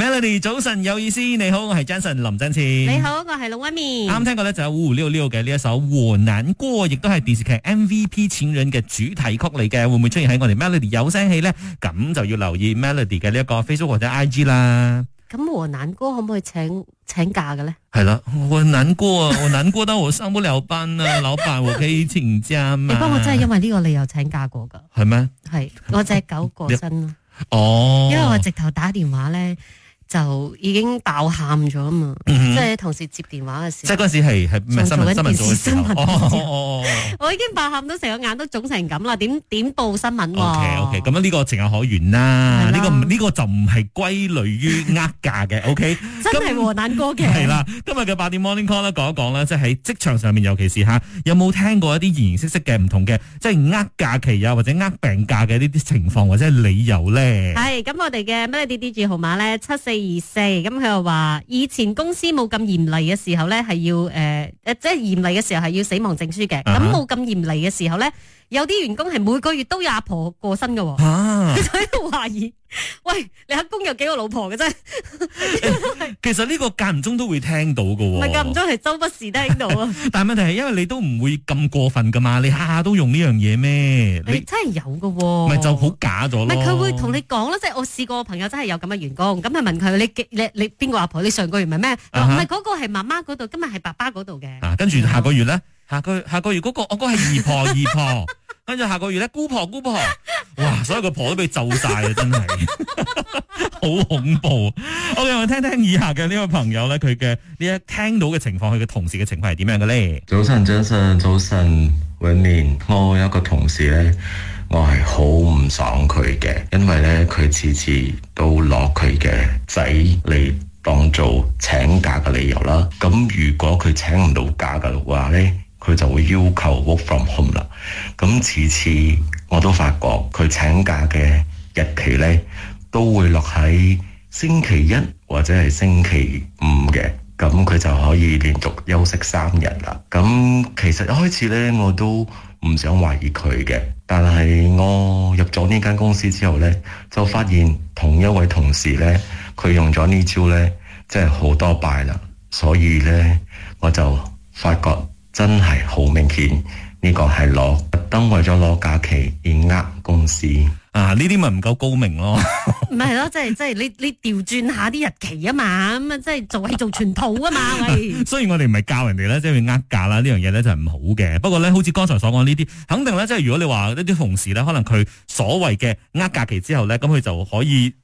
Melody，早晨有意思，你好，我係 Jason 林振千。你好，我係老 ummy。啱聽過咧就5566嘅呢一首《我難過》，亦都係電視劇 MVP 情人嘅主題曲嚟嘅，會唔會出現喺我哋 Melody 有聲戲咧？咁就要留意 Melody 嘅呢一個 Facebook 或者 IG 啦。咁《我難過》可唔可以請請假嘅咧？係啦， 我難過我難過，我難過到我上不了班啊！老闆，我可以請假嗎？不 我真係因為呢個理由請假過噶。係咩嗎？係我隻狗過身哦， 你 因為我直頭打電話咧。就已經爆喊咗啊嘛！嗯、哼即係同事接電話嘅時候，即係嗰陣時係係新聞上新聞嘅時候，哦哦哦哦哦我已經爆喊到成個眼都腫成咁啦！點點報新聞 OK 咁樣，呢個情有可原啦，呢的、呢個呢、呢個就唔係歸類於呃假嘅。OK， 真係和難哥嘅。係啦，今日嘅八點 Morning Call 咧講一講咧，即係喺職場上面，尤其是嚇，有冇聽過一啲形形色色嘅唔同嘅，即係呃假期啊，或者呃病假嘅呢啲情況或者係理由咧？係咁，我哋嘅乜嘢 D D G 號碼咧七四。意思咁，佢又話以前公司冇咁嚴厲嘅時候咧，係要誒誒、呃，即係嚴厲嘅時候係要死亡證書嘅，咁冇咁嚴厲嘅時候咧。有啲員工係每個月都有阿婆過身㗎喎，佢就喺度懷疑，喂，你阿公有幾個老婆嘅啫？其實呢個間唔中都會聽到嘅。哦，唔係間唔中係周不時都聽到啊。 但係問題係因為你都唔會咁過分噶嘛，你下下都用呢樣嘢咩？你，欸，真係有嘅。哦，咪就好假咗咯。咪佢會同你講咯，即係我試過我朋友真係有咁嘅員工，咁啊問佢你幾你你邊個阿婆？你上個月咪咩？唔係嗰個係媽媽嗰度，今日係爸爸嗰度嘅。啊，跟住下個月咧。啊 下個月下個月嗰，那個我哥係姨婆姨婆，跟住 下個月咧姑婆姑婆，姑婆 哇！所有個婆，婆都被咒晒啦，真係 好恐怖。Okay, 我哋去聽聽以下嘅呢位朋友咧，佢嘅呢一聽到嘅情況，佢嘅同事嘅情況係點樣嘅咧？早晨，早晨，早晨。永年，我有一個同事咧，我係好唔爽佢嘅，因為咧佢次次都攞佢嘅仔嚟當做請假嘅理由啦。咁如果佢請唔到假嘅話咧？佢就會要求 work from home 啦。咁次次我都發覺佢請假嘅日期呢都會落喺星期一或者係星期五嘅。咁佢就可以連續休息三日啦。咁其實一開始呢，我都唔想懷疑佢嘅。但係我入咗呢間公司之後呢，就發現同一位同事呢，佢用咗呢招呢，真係好多次啦。所以呢，我就發覺。真係好明顯，呢個係攞特登為咗攞假期而呃公司啊！呢啲咪唔夠高明咯 唔係咯，即係即係你你調轉下啲日期啊嘛，咁啊即係做戲做全套啊嘛，所以 我哋唔係教人哋咧，即係去呃假啦，呢樣嘢咧就唔好嘅。不過咧，好似剛才所講呢啲，肯定咧，即係如果你話一啲同事咧，可能佢所謂嘅呃假期之後咧，咁佢就可以。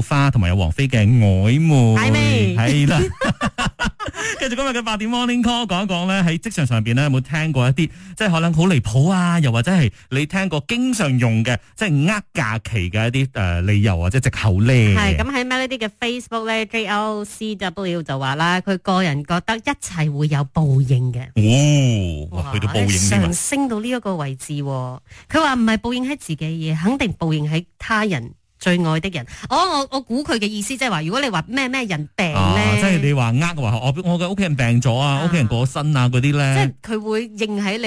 花同埋有王菲嘅曖昧，係咪係啦。繼續今日嘅八點 morning call，講一講咧喺職場上邊咧有冇聽過一啲，即係可能好離譜啊，又或者係你聽過經常用嘅，即係呃假期嘅一啲誒理由或者借口咧。係咁喺 Melody 嘅 Facebook 咧，J O C W 就話啦，佢個人覺得一切會有報應嘅。哦、哇，去到報應呢，升到呢一個位置。佢話唔係報應喺自己嘢，肯定報應喺他人。最愛的人，我我我估佢嘅意思，即係話，如果你話咩咩人病咧，即係你話呃嘅話，我我嘅屋企人病咗啊，屋企人過身啊嗰啲咧，即係佢會認喺你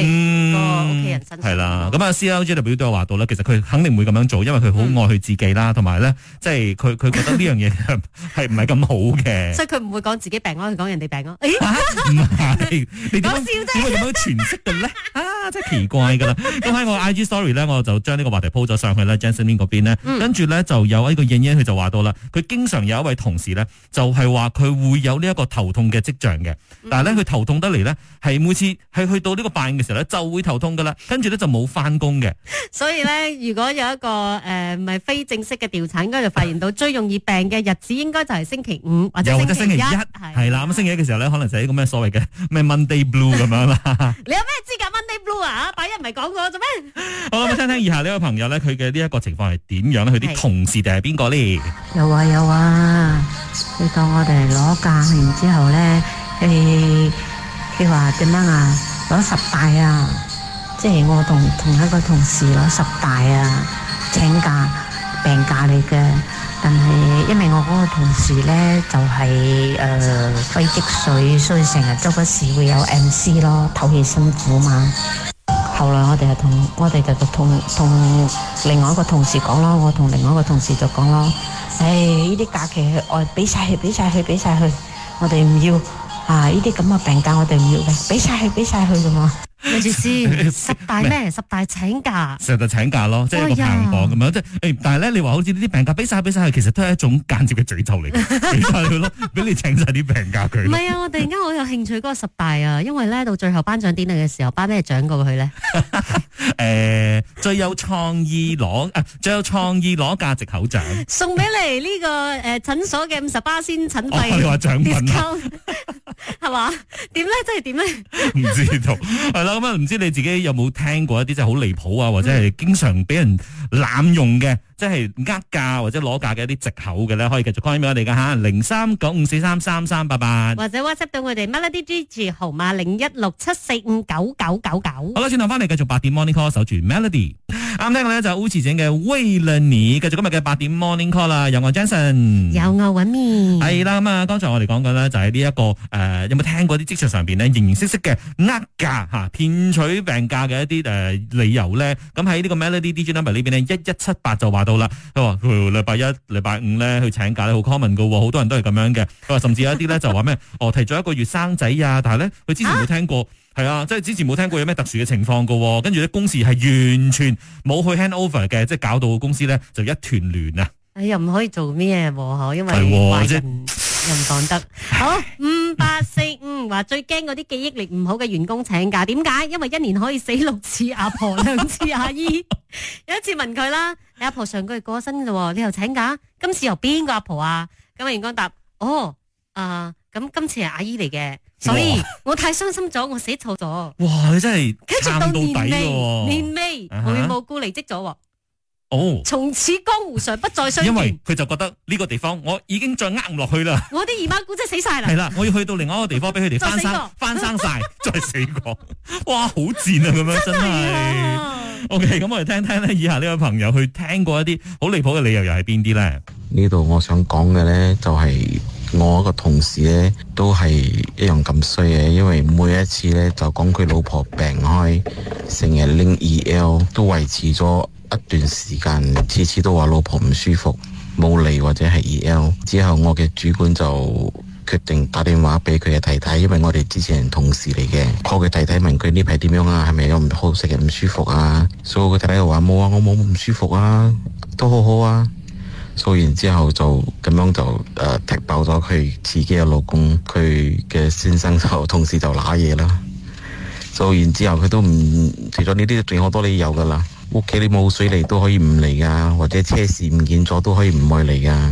屋企人身上，係啦，咁啊 CLG 代表都有話到啦，其實佢肯定唔會咁樣做，因為佢好愛佢自己啦，同埋咧，即係佢佢覺得呢樣嘢係唔係咁好嘅，所以佢唔會講自己病咯，佢講人哋病咯，咦，唔係，你點解，講笑啫，點解咁詮釋嘅咧？啊，真係奇怪噶啦，咁喺我 IG story 咧，我就將呢個話題鋪咗上去啦 Jasmine 嗰邊咧，跟住咧。就有一個影影，佢就話到啦，佢經常有一位同事咧，就係話佢會有呢一個頭痛嘅跡象嘅。但係咧，佢頭痛得嚟咧，係每次係去到呢個辦嘅時候咧，就會頭痛噶啦，跟住咧就冇翻工嘅。所以咧，如果有一個誒，唔係非正式嘅調查，應該就發現到最容易病嘅日子，應該就係星期五或者星期一係啦。咁星期一嘅時候咧，可能就係一個咩所謂嘅咩 Monday Blue 咁樣啦。你有咩資格問？話啊，八一唔係講過做咩？ 好，我聽聽以下呢個朋友咧，佢嘅呢一個情況係點樣咧？佢啲 同事定係邊個咧？有啊有啊，佢當我哋攞假，然之後咧，佢佢話點樣啊？攞十大啊，即係我同同一個同事攞十大啊，請假病假嚟嘅，但係因為我嗰個同事咧就係誒肺積水，所以成日周不時會有 M C 咯，唞氣辛苦嘛。後來我哋就同我哋就同同另外一個同事講咯。我同另外一個同事就講咯，唉呢啲假期去，去，去，我俾晒去，俾晒去，俾晒去，我哋唔要啊，呢啲咁嘅病假我哋唔要嘅，俾晒去，俾晒去噶嘛等等，十大咩麼？十大請假，十大請假咯，即係一個棒棒、哎、呀病假咁樣。即係，誒，但係咧，你話好似呢啲病假俾晒俾晒，其實都係一種間接嘅詛咒嚟，嘅。 俾晒佢咯，俾你請晒啲病假佢。唔係啊，我突然間好有興趣嗰個十大啊，因為咧到最後頒獎典禮嘅時候，頒咩獎過佢咧？ 誒、呃，最有創意攞誒、啊，最有創意攞價值口罩送俾你呢、這個誒診、呃、所嘅五十巴仙診費，你話獎品啦，係嘛？ 點咧？即係點咧？唔知道係啦。咁啊， 唔、嗯、知你自己有冇聽過一啲即係好離譜啊，或者係經常俾人濫用嘅？即係呃價或者攞價嘅一啲借口嘅咧，可以繼續 call 埋我哋嘅吓，零三九五四三三三八八，或者 WhatsApp 到我哋 melody D D 字號碼零一六七四五九九九九。Igi, 好啦，轉頭翻嚟繼續八點 morning call，守住 melody。啱、嗯、聽嘅咧就烏智整嘅為了你，繼續今日嘅八點 morning call 啦、啊。有我 Johnson 有我搵面，係啦。咁啊，剛才我哋講緊呢，就係呢一個誒，有冇聽過啲職場上邊呢，形形色色嘅呃價吓，騙、啊、取病假嘅一啲誒、呃、理由咧？咁喺呢個 melody D D number 裏邊呢，一一七八就話到。好啦，佢話佢禮拜一、禮拜五咧去請假咧好 common 噶，好多人都係咁樣嘅。佢話甚至有一啲咧 就話咩，哦提早一個月生仔啊，但係咧佢之前冇聽過，係啊,啊，即係之前冇聽過有咩特殊嘅情況噶，跟住咧公事係完全冇去 hand over 嘅，即係搞到公司咧就一團亂啊。唉、哎，又唔可以做咩喎？因為壞人又唔講得好五八四。話最驚嗰啲記憶力唔好嘅員工請假，點解？因為一年可以死六次阿婆、兩次阿姨。 有一次問佢啦，你阿婆上個月過咗身嘅，你又請假，今次由邊個阿婆啊？咁啊，員工答：哦，啊、呃，咁今次係阿姨嚟嘅，所以我太傷心咗，我死錯咗。哇！你真係撐到底，到年尾，年尾，年尾、uh huh. 無緣無故離職咗。從、oh. 此江湖上不再相見。因為佢就覺得呢個地方我已經再呃唔落去啦。我啲姨媽姑姐死晒啦。係啦， 我要去到另外一個地方俾佢哋翻生， 翻生晒，再死過。 哇，好賤啊！咁樣 真係。OK，咁我哋聽聽咧，以下呢位朋友去聽過一啲好離譜嘅理由又係邊啲咧？呢度我想講嘅咧就係、是。我個同事咧都係一樣咁衰嘅，因為每一次咧就講佢老婆病開，成日拎 E L 都維持咗一段時間，次次都話老婆唔舒服，冇嚟，或者係 E L。之後我嘅主管就決定打電話俾佢嘅太太，因為我哋之前係同事嚟嘅，我嘅太太問佢呢排點樣啊，係咪有唔好食嘅唔舒服啊？所以佢太太話冇啊，我冇唔舒服啊，都好好啊。做完之後就咁樣就誒、呃、踢爆咗佢自己嘅老公，佢嘅先生就同事就揦嘢啦。做完之後佢都唔，除咗呢啲仲有好多理由噶啦，屋企你冇水嚟，都可以唔嚟噶，或者車匙唔見咗都可以唔愛嚟噶。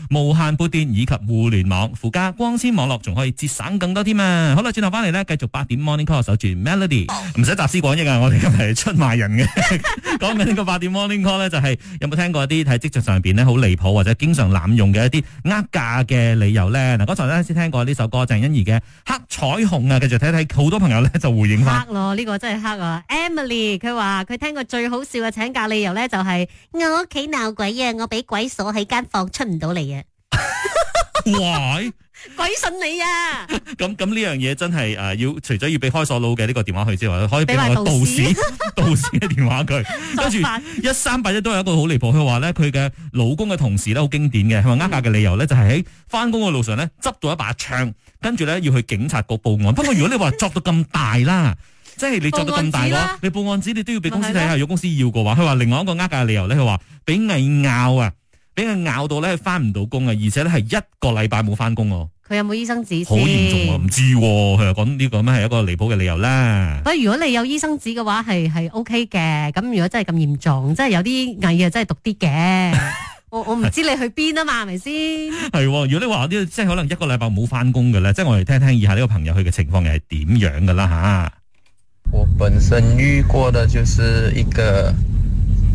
無限撥電以及互聯網附加光纖網絡，仲可以節省更多添啊！好啦，轉頭翻嚟咧，繼續八點 Morning Call 守住 Melody，唔使集思廣益啊！我哋今日係出賣人嘅，講緊呢個八點 Morning Call 呢就係、是、有冇聽過一啲喺職場上邊咧好離譜或者經常濫用嘅一啲呃價嘅理由呢？嗱，剛才咧先聽過呢首歌鄭欣宜嘅《黑彩虹》啊，繼續睇睇好多朋友咧就回應翻。黑咯，呢、這個真係黑啊！Emily 佢話佢聽過最好笑嘅請假理由呢、就是，就係我屋企鬧鬼啊，我俾鬼鎖喺間房出唔到嚟啊！喂， 哇鬼信你啊！咁咁呢樣嘢真係誒，除要除咗要俾開鎖佬嘅呢個電話佢之外，可以俾我道士道 士嘅電話佢。跟住扮一三八一都係一個好離譜。佢話咧，佢嘅老公嘅同事咧，好經典嘅，係咪？呃價嘅理由咧，就係喺翻工嘅路上咧，執到一把槍，跟住咧要去警察局報案。不過如果你話作到咁大， 大啦，即係你作到咁大嘅話，你報案紙你都要俾公司睇下，如果公司要嘅話，佢話另外一個呃價嘅理由咧，佢話俾魏咬啊。俾佢咬到咧，翻唔到工啊！而且咧係一個禮拜冇翻工哦。佢有冇醫生紙？好嚴重啊！唔知佢又講呢個咩係一個離譜嘅理由啦。不過如果你有醫生紙嘅話，係係 O K 嘅。咁、OK、如果真係咁嚴重，即係有啲蟻啊，真係毒啲嘅。我我唔知你去邊啊嘛，係咪先？係，如果你話啲即係可能一個禮拜冇翻工嘅咧，即係我哋聽一聽以下呢個朋友佢嘅情況係點樣噶啦吓。我本身遇過嘅，就係一個。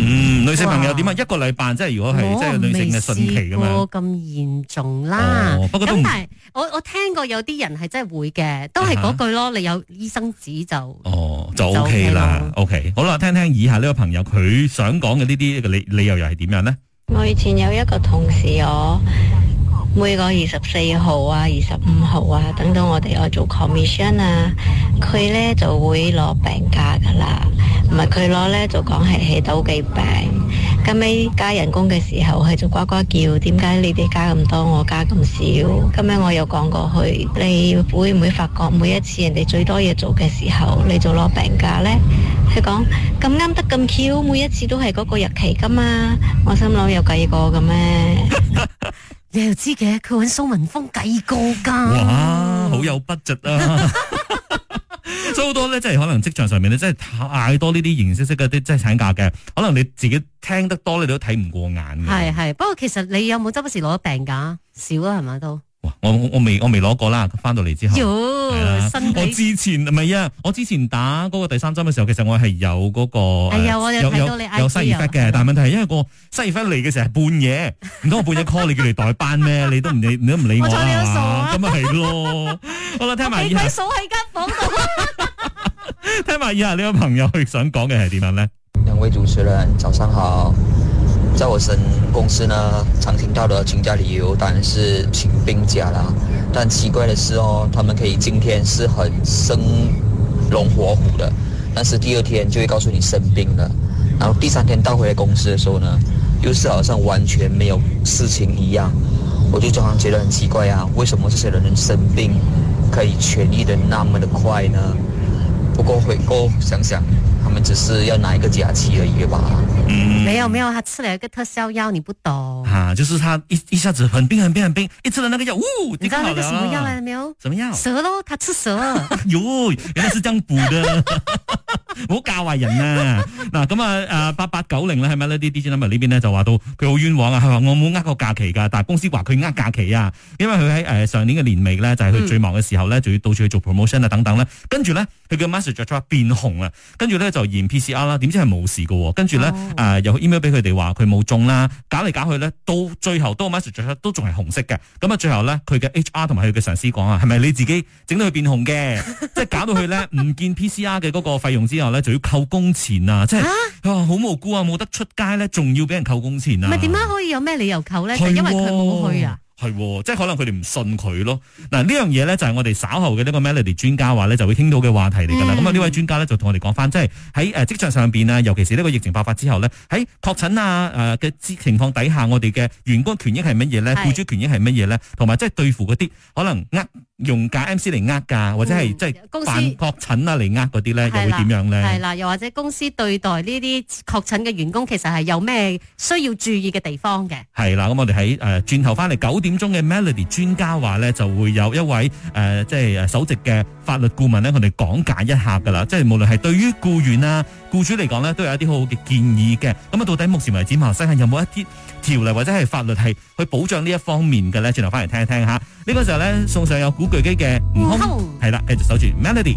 嗯，女性朋友點啊？哇一個禮拜即係如果係即係女性嘅順期咁樣，我未試過咁嚴重啦，哦。不過都唔係，我我聽過有啲人係真係會嘅，都係嗰句咯。啊，哈你有醫生紙就哦就，就 OK 啦，OK。好啦，聽聽以下呢個朋友佢想講嘅呢啲理理由又係點樣咧？我以前有一個同事，我每個二十四號啊，二十五號啊，等到我哋我做 commission 啊，佢咧就會攞病假噶啦。佢攞呢就講係起到幾病，跟尾加人工嘅時候係就呱呱叫，點解你哋加咁多，我加咁少？咁樣我又講過去，你會唔會發覺每一次人哋最多嘢做嘅時候，你就攞病假呢？佢講咁啱得咁巧，每一次都係嗰個日期噶嘛，我心諗有計過嘅咩？ 你又知嘅，佢揾蘇文峰計過噶哇，好有筆直啊！ 好多咧，即係可能職場上面咧，真係嗌多呢啲形式式嘅啲即係請假嘅，可能你自己聽得多你都睇唔過眼嘅。係係，不過其實你有冇時不時攞病假？少啦係咪？都。我我未我未攞過啦，翻到嚟之後。我之前唔係啊，我之前打嗰個第三針嘅時候，其實我係有嗰個。哎呀，我又有西二分嘅，但係問題係因為個西二分嚟嘅時候係半夜，唔通我半夜 call 你叫你代班咩？你都唔理，你都唔理我咁咪係咯。好啦，聽埋。喺間房度。聽埋以下呢個朋友想講嘅係點樣呢？兩位主持人早上好，在我身公司呢，常聽到的請假理由當然是請病假啦。但奇怪的是哦，他們可以今天是很生龍活虎的，但是第二天就會告訴你生病了，然後第三天到回來公司的時候呢，又是好像完全沒有事情一樣。我就經常覺得很奇怪啊，為什麼這些人能生病可以痊愈得那麼的快呢？不過回過想想，他們只是要拿一個假期而已吧。嗯、沒有沒有，他吃了一個特效藥，你不懂 啊，就是他一一下子很冰很冰很冰，一吃咗那個藥，你知道那個什麼藥嚟了沒有？什麼藥？蛇咯，他吃蛇。喲，你真係咁笨啊！好教、 呃、 壞人啊！嗱咁啊，八八九零啦，係咪咧？Digi Number 呢邊咧就話到佢好冤枉啊！佢話我冇呃過假期噶，但係公司話佢呃假期啊，因為佢喺、呃、上年嘅年尾呢，就係佢最忙嘅時候呢，嗯、就要到處去做 promotion 啊等等咧，跟住呢，佢嘅 message 就 b 變紅啦，跟住呢，就驗 P C R 啦，點知係冇事噶，跟住呢。喔啊！又 email 俾佢哋話佢冇中啦，搞嚟搞去咧，到最後都個 message 都仲係紅色嘅。咁啊，最後咧佢嘅 HR 同埋佢嘅上司講啊，係咪你自己整到佢變紅嘅？ 即係搞到佢咧唔見 PCR 嘅嗰個費用之後咧，就要扣工錢啊！即係哇，好、啊啊、無辜啊，冇得出街咧，仲要俾人扣工錢啊！咪點解可以有咩理由扣咧？就係、因為佢冇去啊！ 係，即係可能佢哋唔信佢咯。嗱，呢樣嘢咧就係我哋稍後嘅呢個 Melody 專家話咧就會傾到嘅話題嚟噶啦。咁啊，呢位專家咧就同我哋講翻，即係喺誒職場上邊啊，尤其是呢個疫情爆發之後呢，喺確診啊誒嘅情況底下，我哋嘅員工權益係乜嘢呢？僱主權益係乜嘢呢？同埋即係對付嗰啲可能呃用假 MC 嚟呃噶，或者係即係扮確診啊嚟呃嗰啲呢，嗯、又會點樣呢？係啦，又或者公司對待呢啲確診嘅員工，其實係有咩需要注意嘅地方嘅？係啦、嗯，咁我哋喺誒轉頭翻嚟九點。點鐘嘅 Melody 專家話咧，就會有一位誒、呃，即係誒首席嘅法律顧問咧，佢哋講解一下噶啦，即係無論係對於雇員啦、雇主嚟講咧，都有一啲好好嘅建議嘅。咁啊，到底目前為止馬來西亞有冇一啲條例或者係法律係去保障呢一方面嘅咧？轉頭翻嚟聽一聽吓。呢、這個時候咧，送上有古巨基嘅悟空，係啦、oh.，繼續守住 Melody。